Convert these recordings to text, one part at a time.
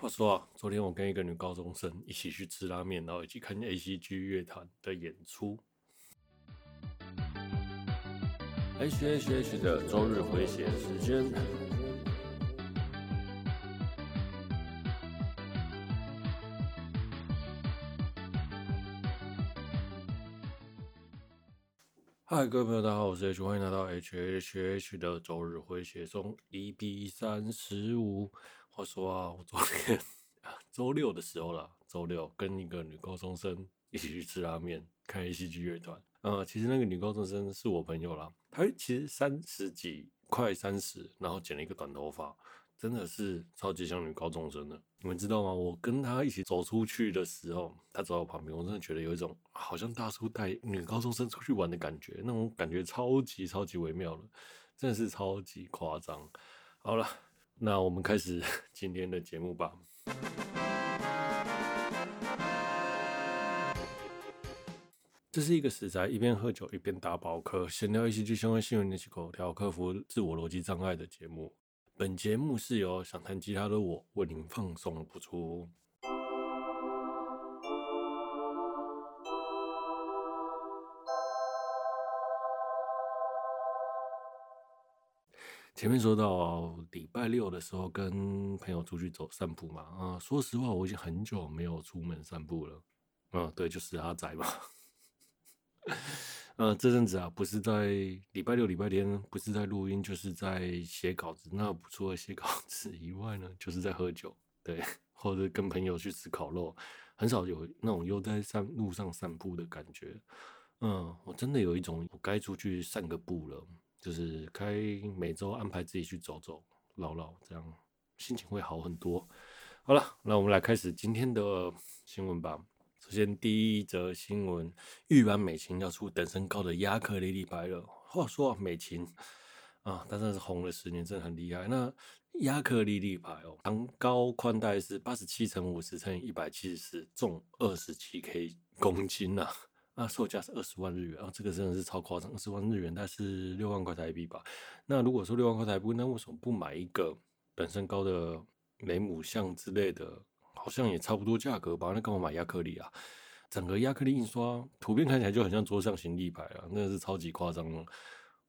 話說啊，昨天我跟一個女高中生一起去吃拉麵，然後一起看 A C G 樂團的演出。H H H 的週日回血時間。嗨， Hi, 各位朋友，大家好，我是 H，歡迎來到 H H H 的週日回血中，EP35。話說啊，我昨天週六的時候啦，週六跟一個女高中生一起去吃拉麵，看 ACG 樂團。呃，其實那個女高中生是我朋友啦，她其實三十幾，快三十，然後剪了一個短頭髮，真的是超級像女高中生呢。你們知道嗎？我跟她一起走出去的時候，她走到我旁邊，我真的覺得有一種好像大叔帶女高中生出去玩的感覺，那種感覺超級超級微妙了，真的是超級誇張。好了。那我們開始今天的節目吧。這是一個死宅一邊喝酒一邊打保科，閒聊一些與相關新聞，練習口條，克服自我邏輯障礙的節目。本節目是由想彈吉他的我為您放送播出。前面說到、啊、禮拜六的時候跟朋友出去走散步嘛，啊、呃，說實話，我已經很久沒有出門散步了。嗯，對，就是阿宅嘛。啊、 呃，這陣子啊，不是在禮拜六禮拜天不是在錄音，就是在寫稿子。那除了寫稿子以外呢，就是在喝酒，對，或者跟朋友去吃烤肉，很少有那種又在散路上散步的感覺。嗯，我真的有一種我該出去散個步了。就是開每周安排自己去走走、嘮嘮，這樣心情會好很多。好了，那我們來開始今天的新聞吧。首先第一則新聞，御坂美琴要出等身高的亞克力立牌了。話說、啊、美琴啊，但是紅了十年，真的很厲害。那亞克力立牌哦，長高寬帶是八十七乘五十乘一百七十，70, 重二十七 K 公斤啊。 那售價是二十萬日元啊，這個真的是超誇張，二十萬日元，大概是六萬塊台幣吧。那如果說六萬塊台幣，那為什麼不買一個本身高的雷姆像之類的？好像也差不多價格吧。那幹嘛買亞克力啊？整個亞克力印刷圖片看起來就很像桌上型立牌啊，那個是超級誇張。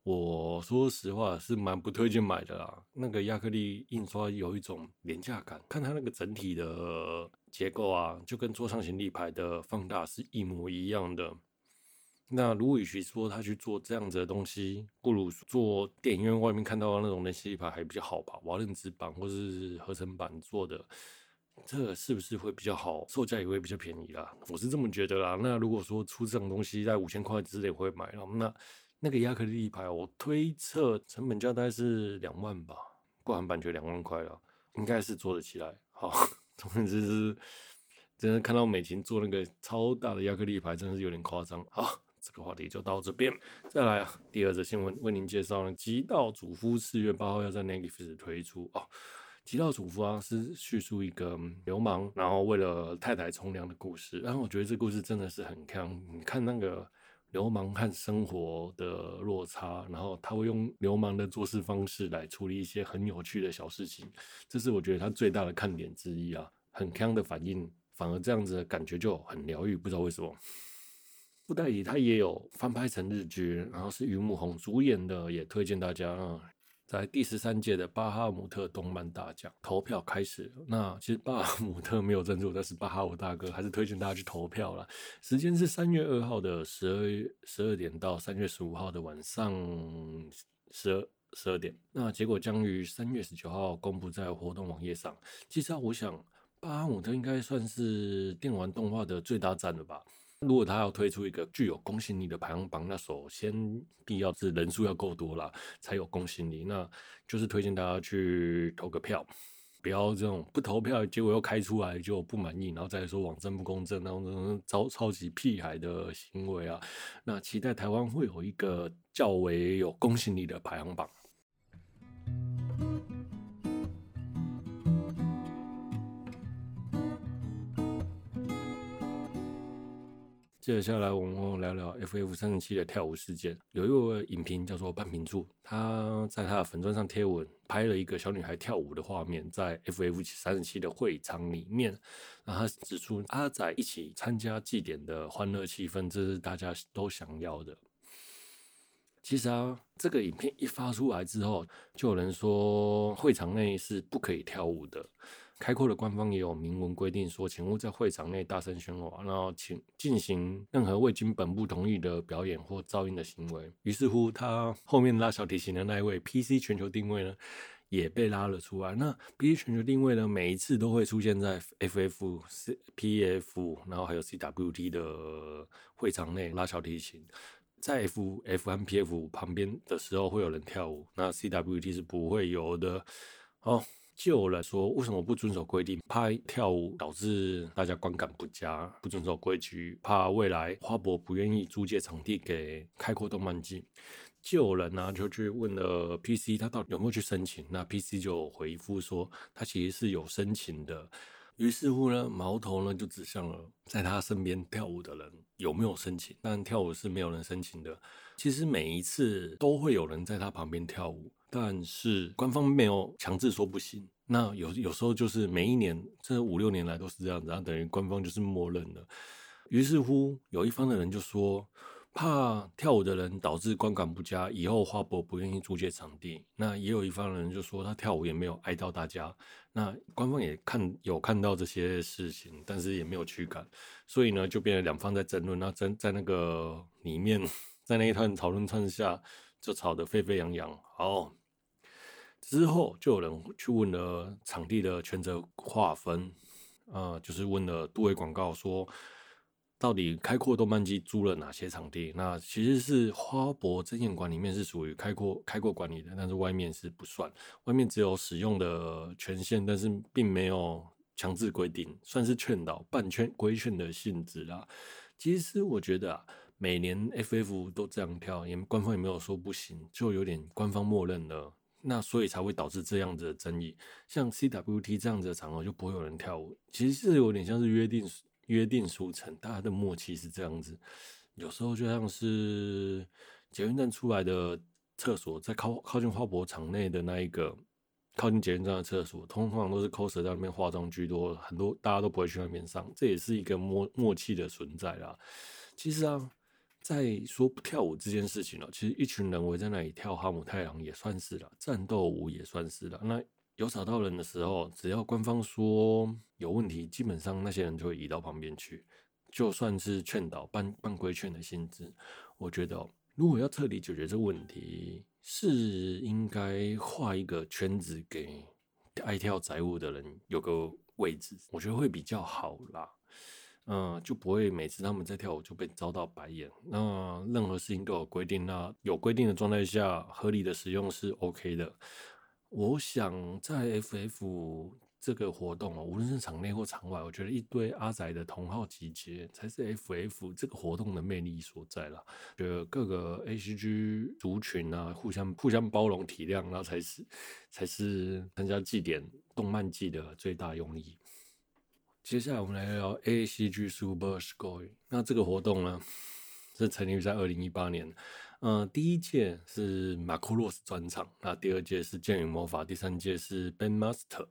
我說實話是蠻不推薦買的啦。那個亞克力印刷有一種廉價感，看它那個整體的，結構啊，就跟桌上型立牌的放大是一模一樣的。那如果與其說他去做這樣子的東西，不如做電影院外面看到的那種的立牌還比較好吧，瓦楞紙板或是合成板做的，這是不是會比較好？售價也會比較便宜啦。我是這麼覺得啦。那如果說出這種東西在五千塊之內會買，那那個亞克力立牌，我推測成本價大概是兩萬吧，過完版就兩萬塊了，應該是做得起來。好。總之是，真的看到美琴做那個超大的亞克力牌，真是有點誇張。好，這個話題就到這邊。再來啊，第二則新聞為您介紹：《極道主夫》四月八號要在 Netflix 推出哦。Oh，《極道主夫》啊，是敘述一個流氓，然後為了太太從良的故事。然後我覺得這故事真的是很看，你看那個。流氓和生活的落差，然後他會用流氓的做事方式來處理一些很有趣的小事情，這是我覺得他最大的看點之一啊，很鏘的反應，反而這樣子的感覺就很療癒，不知道為什麼。《布袋里》他也有翻拍成日劇，然後是玉木宏主演的，也推薦大家啊。嗯在第十三屆的巴哈姆特動漫大獎投票開始，那其實巴哈姆特沒有贊助，但是巴哈姆大哥還是推薦大家去投票啦。時間是三月二號的十二十二點到三月十五號的晚上十二十二點，那結果將於三月十九號公布在活動網頁上。其實啊，我想巴哈姆特應該算是電玩動畫的最大站了吧。如果他要推出一個具有公信力的排行榜，那首先必要是人數要夠多了，才有公信力。那就是推薦大家去投個票，不要這種不投票，結果又開出來就不滿意，然後再說網站不公正，然後那種超超級屁孩的行為啊。那期待台灣會有一個較為有公信力的排行榜。接下來我們聊聊 FF 三十七的跳舞事件。有一位影評叫做半瓶醋，他在他的粉專上貼文，拍了一個小女孩跳舞的畫面，在 FF 三十七的會場裡面。然後他指出，阿宅一起參加祭典的歡樂氣氛，這是大家都想要的。其實啊，這個影片一發出來之後，就有人說會場內是不可以跳舞的。開拓的官方也有明文規定說，請勿在會場內大聲喧嘩，然後請進行任何未經本部同意的表演或噪音的行為。於是乎，他後面拉小提琴的那一位 PC 全球定位呢，也被拉了出來。那 PC 全球定位呢，每一次都會出現在 FF PF，然後還有 CWT 的會場內拉小提琴。在 FF 和 PF 旁邊的時候會有人跳舞，那 CWT 是不會有的哦。就有人說，為什麼不遵守規定拍跳舞導致大家觀感不佳，不遵守規矩怕未來花博不願意租借場地給開拓動漫祭。就有人呢、啊、就去問了 PC 他到底有沒有去申請，那 PC 就有回復說他其實是有申請的。於是乎呢，矛頭呢就指向了在他身邊跳舞的人有沒有申請，但跳舞是沒有人申請的。其實每一次都會有人在他旁邊跳舞。但是官方沒有強制說不行，那有有時候就是每一年這五六年來都是這樣子，然後等於官方就是默認了。於是乎，有一方的人就說，怕跳舞的人導致觀感不佳，以後花博不願意租借場地。那也有一方的人就說，他跳舞也沒有礙到大家。那官方也看有看到這些事情，但是也沒有驅趕，所以呢，就變成兩方在爭論，那爭在，在那個裡面，在那一串討論串下就吵得沸沸揚揚。哦。之後就有人去問了場地的權責劃分，呃，就是問了杜偉廣告說，到底開拓動漫祭租了哪些場地？那其實是花博爭豔館裡面是屬於開拓開拓管理的，但是外面是不算，外面只有使用的權限，但是並沒有強制規定，算是勸導、半圈規勸的性質啦。其實我覺得、啊、每年 FF 都這樣跳，也官方也沒有說不行，就有點官方默認了。那所以才會導致這樣子的爭議，像 CWT 這樣子的場合就不會有人跳舞，其實是有點像是約定約定俗成，大家的默契是這樣子。有時候就像是捷運站出來的廁所，在靠靠近花博場內的那一個靠近捷運站的廁所，通常都是 coser 在那邊化妝居多，很多大家都不會去那邊上，這也是一個默默契的存在啦。其實啊。在說不跳舞這件事情了、喔，其實一群人圍在那裡跳哈姆太郎也算是了，戰鬥舞也算是了。那有找到人的時候，只要官方說有問題，基本上那些人就會移到旁邊去。就算是勸導、半半規勸的性質，我覺得、喔、如果要徹底解決這問題，是應該畫一個圈子給愛跳宅舞的人有個位置，我覺得會比較好啦。嗯，就不會每次他們在跳舞就被遭到白眼。那任何事情都有規定，那有規定的狀態下，合理的使用是 OK 的。我想在 FF 這個活動，無論是場內或場外，我覺得一堆阿宅的同好集結才是 FF 這個活動的魅力所在啦。覺得各個 ACG 族群啊，互相互相包容體諒，然後才是才是參加祭典動漫祭的最大用意。接下來我們來聊聊 A C G Super Sugoi，那這個活動呢，是成立於在二零一八年。嗯、呃，第一屆是馬庫羅斯專場，那第二屆是劍與魔法，第三屆是 Ben Master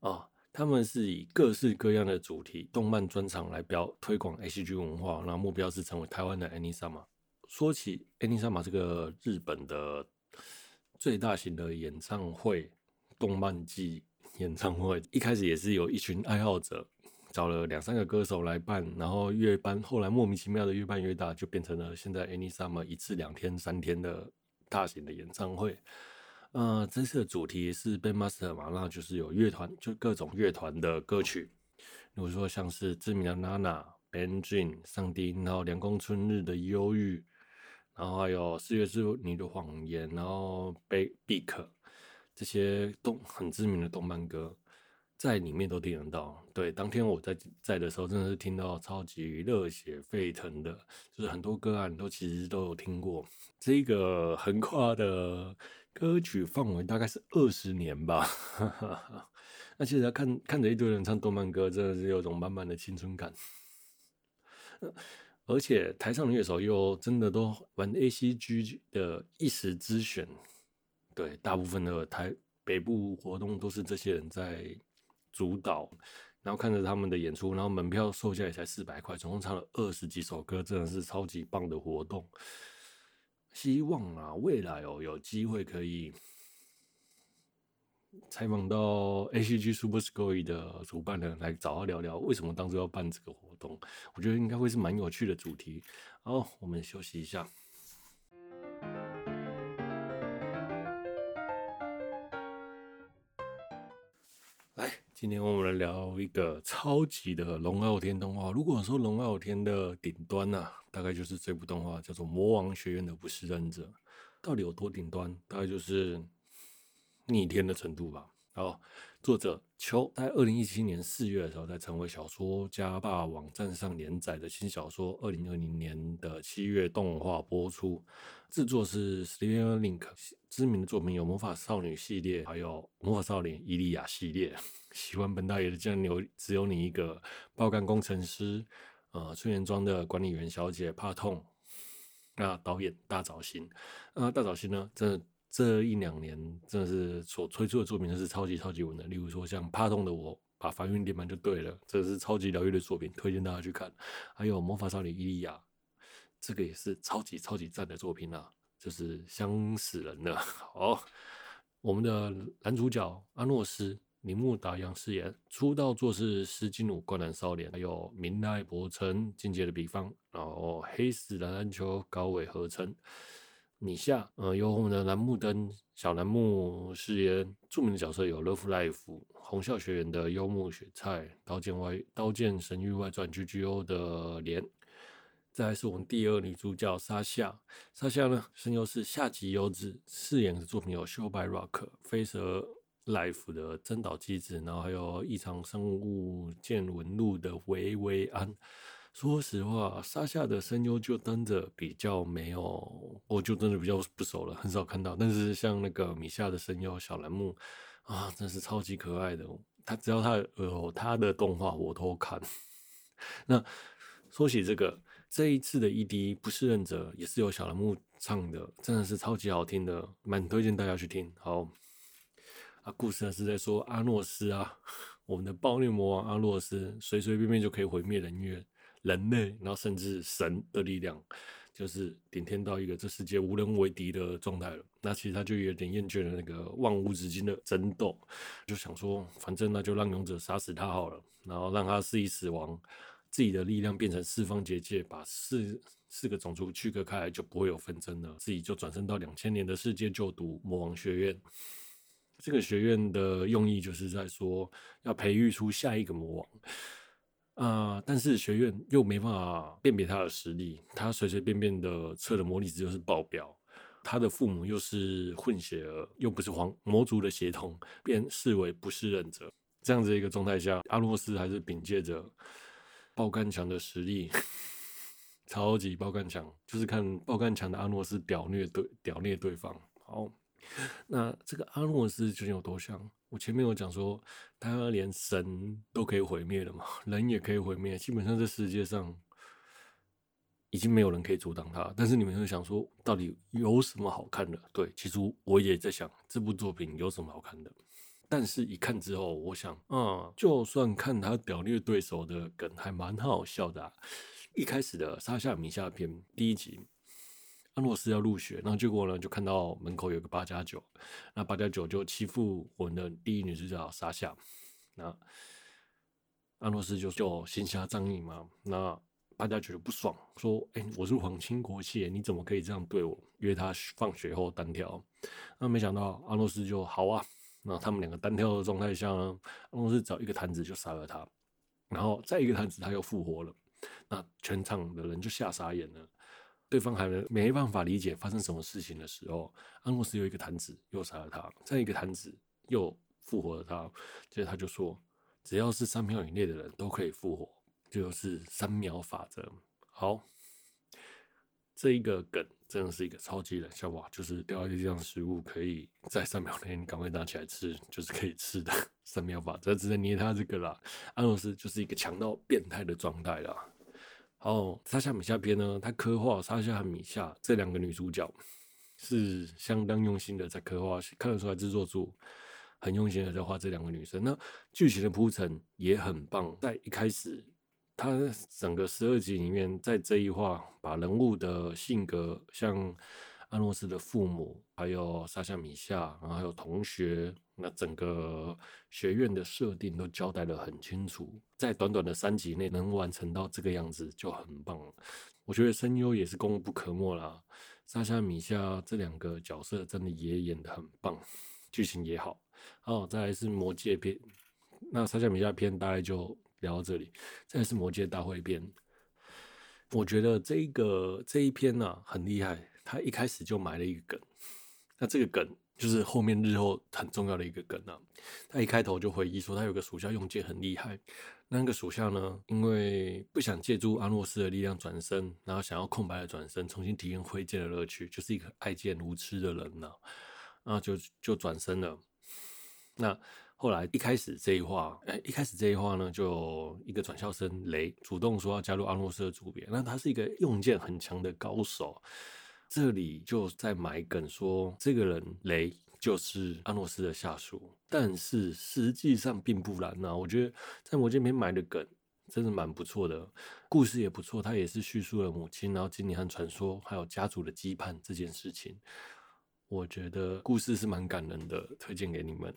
啊、呃。他們是以各式各樣的主題動漫專場來表，推廣 A C G 文化，那目標是成為台灣的 Anisama。說起 Anisama 這個日本的最大型的演唱會動漫季，演唱會一開始也是有一群愛好者，找了兩三個歌手來辦，然後越辦，後來莫名其妙的越辦越大，就變成了現在 Any Summer 一次兩天、三天的大型的演唱會。嗯、呃，這次的主題是 Band Master 嘛，那就是有樂團，就各種樂團的歌曲，比如說像是知名的 Nana Benjamin、上帝，然後涼宮春日的憂鬱，然後還有四月是你的謊言，然後被 Beaker。這些動很知名的動漫歌，在裡面都聽得到。對，當天我在在的時候，真的是聽到超級熱血沸騰的，就是很多歌啊，你都其實都有聽過。這個橫跨的歌曲範圍大概是二十年吧。 那其實看看着一堆人唱動漫歌，真的是有種滿滿的青春感。而且台上的樂手又真的都玩 ACG 的一時之選。對，大部分的台北部活動都是這些人在主導，然後看着他們的演出，然後門票售價也才四百塊，總共唱了二十幾首歌，真的是超級棒的活動。希望啊，未來哦有機會可以採訪到 ACG SUPER SUGOI 的主辦人來找他聊聊，為什麼當初要辦這個活動，我覺得應該會是蠻有趣的主題。好，我們休息一下。今天我們來聊一個超級的龍傲天動畫。如果說龍傲天的頂端呢、啊，大概就是這部動畫叫做《魔王學院的不適任者》，到底有多頂端？大概就是逆天的程度吧。好，作者秋在二零一七年四月的時候，在成為小說家吧網站上連載的新小說，二零二零年的七月動畫播出，製作是 Silver Link，知名的作品有《魔法少女》系列，還有《魔法少女》伊利亞》系列。喜歡本大爺的竟然有只有你一個爆肝工程師，呃，春原莊的管理員小姐怕痛，啊，導演大沼心，啊，大沼心呢，這這一兩年真的是所推出的作品都是超級超級穩的，例如說像怕痛的我，把防禦力點滿就對了，這是超級療癒的作品，推薦大家去看。還有魔法少女伊莉雅，這個也是超級超級讚的作品啦、啊，就是香死人了。好、 哦，我們的男主角阿諾斯。鈴木達央飾演出道作是《石井武灌籃少年》，還有明奈博成境界的彼方，然後黑子的籃球高尾和成。米夏，嗯、呃，由我們的楠木燈、小楠木飾演著名的角色有《Love Live》虹咲學園的優木雪菜，刀劍《刀劍外》《刀劍神域外傳 GGO》的蓮。再來是我們第二女主角沙夏，沙夏呢聲優是夏吉優子，飾演的作品有《Show by Rock》《飛蛇》。Life 的增導機制，然後還有異常生物見聞錄的薇薇安。說實話，沙夏的聲優就真的比較沒有，我，oh, 就真的比較不熟了，很少看到。但是像那個米夏的聲優小楠木啊，真是超級可愛的。他只要他有他的動畫，我都看。 那說起這個，這一次的 ED 不適任者，也是由小楠木唱的，真的是超級好聽的，蠻推薦大家去聽。好。啊，故事呢是在說阿諾斯啊，我們的暴虐魔王阿諾斯，隨隨便便就可以毀滅人類，人類，然後甚至神的力量，就是頂天到一個這世界無人為敵的狀態了。那其實他就有點厭倦了那個萬物之間的爭鬥，就想說，反正那就讓勇者殺死他好了，然後讓他肆意死亡，自己的力量變成四方結界，把四四個種族區隔開來，就不會有紛爭了。自己就轉生到兩千年的世界就讀魔王學院。這個學院的用意就是在說要培育出下一個魔王啊，呃！但是學院又沒辦法辨別他的實力，他隨隨便便的測的魔力值就是爆表，他的父母又是混血兒，又不是皇魔族的血統，便視為不是忍者這樣子一個狀態下，阿諾斯還是憑借着爆肝強的實力，呵呵超級爆肝強，就是看爆肝強的阿諾斯屌虐對屌虐對方，好。那這個阿諾斯究竟有多強？我前面有講說，他連神都可以毀滅的嘛，人也可以毀滅，基本上這世界上已經沒有人可以阻擋他。但是你們會想說，到底有什麼好看的？對，其實我也在想這部作品有什麼好看的。但是一看之後，我想，嗯，就算看他屌虐對手的梗還蠻好笑的啊。一開始的沙夏米夏篇第一集。阿諾斯要入學，然後結果呢，就看到門口有個八加九，9, 那八加九就欺負我們的第一女主角莎夏，那阿諾斯就就心下仗義嘛，那八加九覺得不爽，說：“哎、欸，我是皇親國戚，你怎麼可以這樣對我？”約他放學後單挑，那沒想到阿諾斯就好啊，那他們兩個單挑的狀態下呢，阿諾斯找一個彈指就殺了他，然後再一個彈指他又復活了，那全場的人就嚇傻眼了。對方還沒沒辦法理解發生什麼事情的時候，安諾斯有一個彈指又殺了他，再一個彈指又復活了他，接着他就說，只要是三秒以內的人，都可以復活，這就，就是三秒法則。好，這一個梗真的是一個超級冷笑話，就是掉在地上食物可以在三秒內你趕快拿起來吃，就是可以吃的三秒法則，只能捏他這個啦。安諾斯就是一個強到變態的狀態啦。哦，莎夏米夏篇呢？他刻畫莎夏和米夏這兩個女主角，是相當用心的在刻畫，看得出來製作組很用心的在畫這兩個女生。那劇情的鋪陳也很棒，在一開始，他整個十二集裡面，在這一話把人物的性格，像安諾斯的父母，還有莎夏米夏，然後還有同學。那整個學院的設定都交代得很清楚，在短短的三集內能完成到這個樣子就很棒。我覺得聲優也是功不可沒啦，莎夏米夏這兩個角色真的也演得很棒，劇情也好。哦，再來是魔界篇，那莎夏米夏篇大概就聊到這裡，再來是魔界大會篇。我覺得這一個這一篇呢、啊、很厲害，他一開始就埋了一個梗，那這個梗，就是後面日後很重要的一個梗啊，他一開頭就回憶說他有個屬下用劍很厲害，那個屬下呢，因為不想借助阿諾斯的力量轉生，然後想要空白的轉生重新體驗揮劍的樂趣，就是一個愛劍如痴的人，啊、然後就就轉生了。那後來一開始這一話，哎，一開始這一話呢，就一個轉校生雷主動說要加入阿諾斯的組別，那他是一個用劍很強的高手。這裡就在埋梗說，這個人雷就是阿諾斯的下屬，但是實際上並不然呢、啊。我覺得在魔劍篇，埋的梗真的蠻不錯的，故事也不錯，它也是敘述了母親、然後精靈和傳說，還有家族的羈絆這件事情。我覺得故事是蠻感人的，推薦給你們。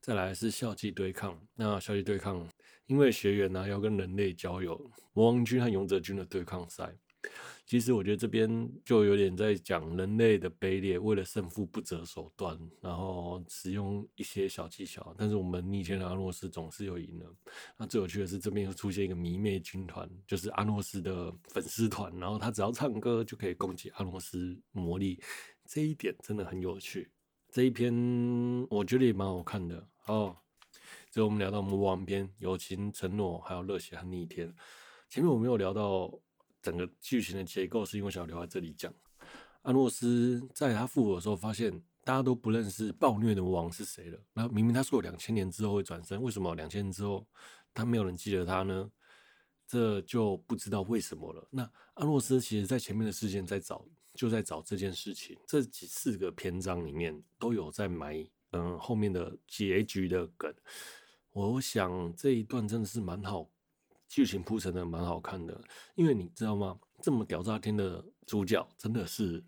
再來是校際對抗，那校際對抗因為學員呢、啊、要跟人類交友，魔王軍和勇者軍的對抗賽。其實我覺得這邊就有點在講人類的卑劣，為了勝負不擇手段，然後使用一些小技巧。但是我們逆天的阿諾斯總是有贏的。那、啊、最有趣的是這邊又出現一個迷妹軍團，就是阿諾斯的粉絲團，然後他只要唱歌就可以攻擊阿諾斯魔力。這一點真的很有趣。這一篇我覺得也蠻好看的哦。最後我們聊到魔王篇、友情承諾，還有熱血和逆天。前面我們有聊到。整個劇情的結構是因為想要留在這裡講。安諾斯在他復活的時候，發現大家都不認識暴虐的王是誰了。那明明他說了兩千年之後會轉生，為什麼兩千年之後他沒有人記得他呢？這就不知道為什麼了。那安諾斯其實，在前面的事件在找，就在找這件事情。這幾四個篇章裡面都有在埋，嗯，後面的結局的梗。我想這一段真的是蠻好。劇情鋪陳的蠻好看的，因為你知道嗎？這麼屌炸天的主角，真的是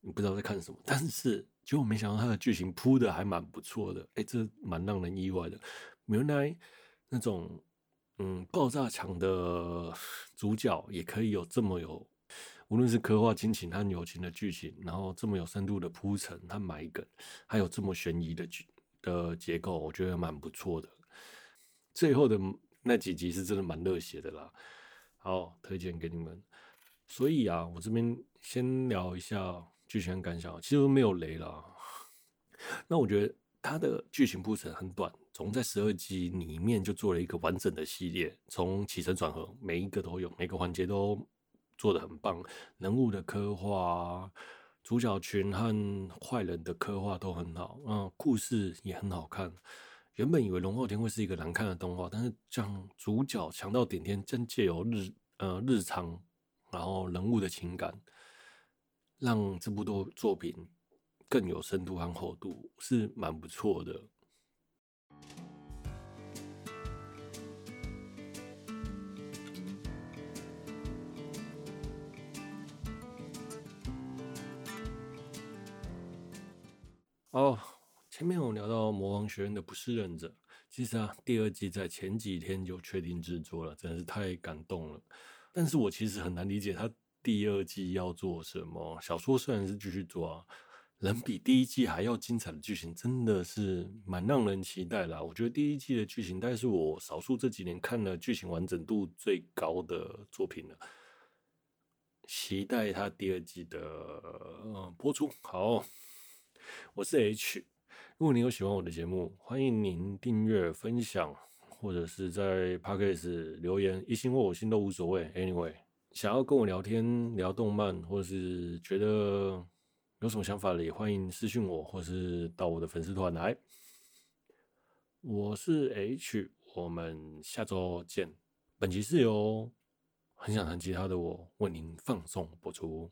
你不知道在看什麼。但是，結果沒想到他的劇情鋪的還蠻不錯的，哎、欸，這蠻讓人意外的。原來、嗯、那種嗯爆炸強的主角也可以有這麼有，無論是刻畫親情、和友情的劇情，然後這麼有深度的鋪陳，他埋梗，還有這麼懸疑的劇的結構，我覺得蠻不錯的。最後的。那幾集是真的蠻熱血的啦，好推薦給你們。所以啊，我這邊先聊一下劇情感想，其實沒有雷啦。那我覺得它的劇情鋪陳很短，從在十二集裡面就做了一個完整的系列，從起承轉合每一個都有，每個環節都做得很棒。人物的刻畫，主角群和壞人的刻畫都很好，嗯，故事也很好看。原本以為《龍傲天》會是一個難看的動畫，但是講主角強到頂天由，真藉由日呃日常，然後人物的情感，讓這部作作品更有深度和厚度，是蠻不錯的。哦、oh.。前面我們聊到《魔王學院》的不適任者，其實啊，第二季在前幾天就確定製作了，真的是太感動了。但是我其實很難理解他第二季要做什麼。小說雖然是繼續做啊，能比第一季還要精彩的劇情，真的是蠻讓人期待啦。我覺得第一季的劇情，大概是我少數這幾年看了劇情完整度最高的作品了。期待他第二季的、嗯、播出。好，我是 H。如果您有喜歡我的節目，歡迎您訂閱、分享，或者是在 Podcast 留言，一星或五星都無所謂。Anyway，想要跟我聊天，聊動漫，或者是覺得有什麼想法的，也歡迎私訊我，或是到我的粉絲團來。我是 H，我們下周見。本集是由很想彈吉他的我為您放送播出。